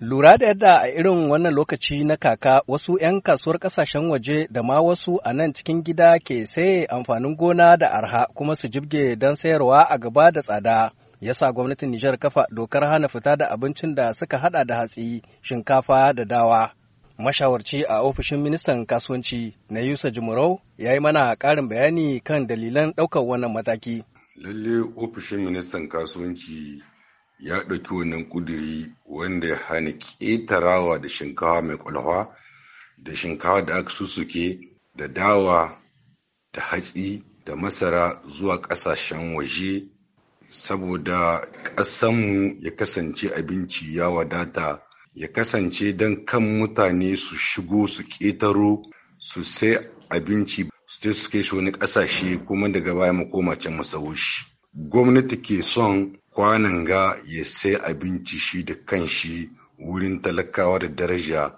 Lura da yadda a irin wannan lokaci na kaka wasu 'yan kasuwar kasashen waje da ma wasu a nan cikin gida ke saye amfanin gona da arha kuma su jibge don sayarwa a gaba da tsada. Yasa gwamnatin Nijar kafa dokar hana fita da abincin da suka hada da hatsi, shinkafa da dawa. Mashawarci a ofishin ministan kasuwanci na Yusa Jumurau ya yi mana ƙarin bayani kan dalilan ɗaukar wannan mataki. Lalle ofishin ministan kasuwanci ya ɗauki wannan ƙuduri wanda ya hana ƙetarawa da shinkawa mai ƙwalhwa da shinkawa da aka susuke da dawa da hatsi da masara zuwa ƙasashen waje saboda ƙasanmu ya kasance abinci ya wadata ya kasance don kan mutane su shigo su ƙetaro su sai abinci su su shi wani ƙasashe kuma daga baya mu koma can mu shi gwamnati ke son kwanan ga ya sai abinci shi da kanshi wurin talakawa da daraja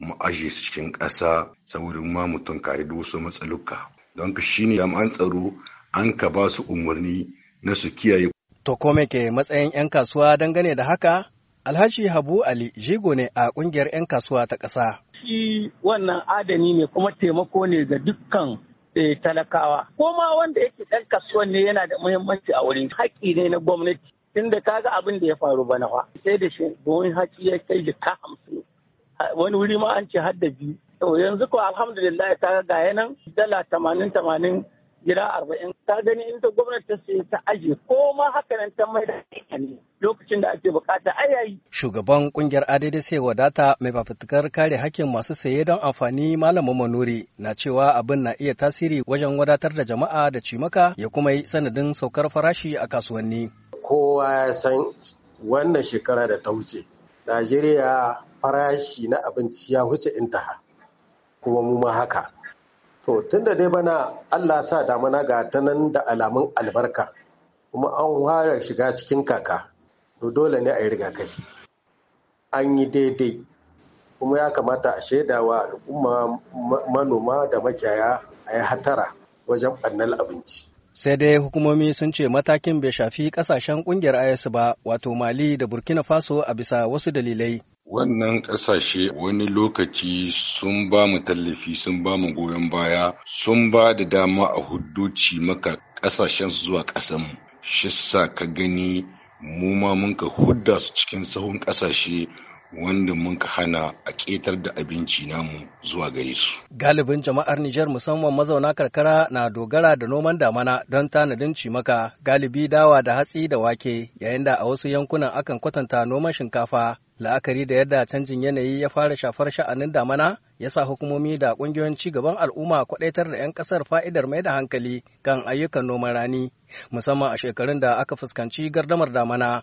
mu aje su cikin ƙasa saboda ma mutum kare da wasu matsaluka don ka shine jami'an tsaro an ka ba su umarni na su kiyaye to kome ke matsayin 'yan kasuwa dangane da haka alhaji habu ali jigo ne a kungiyar 'yan kasuwa ta ƙasa shi wannan adani ne kuma taimako ne ga dukkan eh, talakawa Koma wanda yake ɗan kasuwan ne yana da muhimmanci a wurin haƙƙi ne na gwamnati tunda kaga abin da ya faru bana fa sai da shi buhun haci ya kai da ka hamsin wani wuri ma an ce har da biyu to yanzu ko alhamdulillah ta ga yanan dala tamanin tamanin gida arba'in ta gani in ta gwamnati ta sai ta aje ko ma haka nan ta mai da ne lokacin da ake bukata a yayi. Shugaban kungiyar Adede sai wadata mai fafutukar kare hakkin masu saye don amfani malamin manuri na cewa abin na iya tasiri wajen wadatar da jama'a da cimaka ya kuma yi sanadin saukar farashi a kasuwanni. kowa ya san wannan shekara da ta wuce najeriya farashi na abinci ya wuce intaha kuma mu ma haka to tunda dai bana allah sa damana ga ta nan da alamun albarka kuma an fara shiga cikin kaka to dole ne a yi rigakafi an yi daidai kuma ya kamata a shaida wa al'umma manoma da makiyaya a yi hatara wajen ɓannan abinci sai dai hukumomi sun ce matakin bai shafi kasashen kungiyar IS ba wato Mali da Burkina Faso a bisa wasu dalilai. Wannan ƙasashe wani lokaci sun ba mu tallafi sun ba mu goyon baya sun ba da dama a hudduci maka ƙasashen zuwa ƙasanmu. Shissa ka gani mu ma mun ka hudda su cikin sahun ƙasashe wanda mun ka hana a ƙetar da abinci namu zuwa gare su. Galibin jama'ar Nijar musamman mazauna karkara na dogara da noman damana don tanadin cimaka galibi dawa da hatsi da wake yayin da a wasu yankunan akan kwatanta noman shinkafa la'akari da yadda canjin yanayi ya fara shafar sha'anin damana ya sa hukumomi da ƙungiyoyin ci gaban al'umma kwadaitar da 'yan ƙasar fa'idar mai da hankali kan ayyukan noman rani musamman a shekarun da aka fuskanci gardamar damana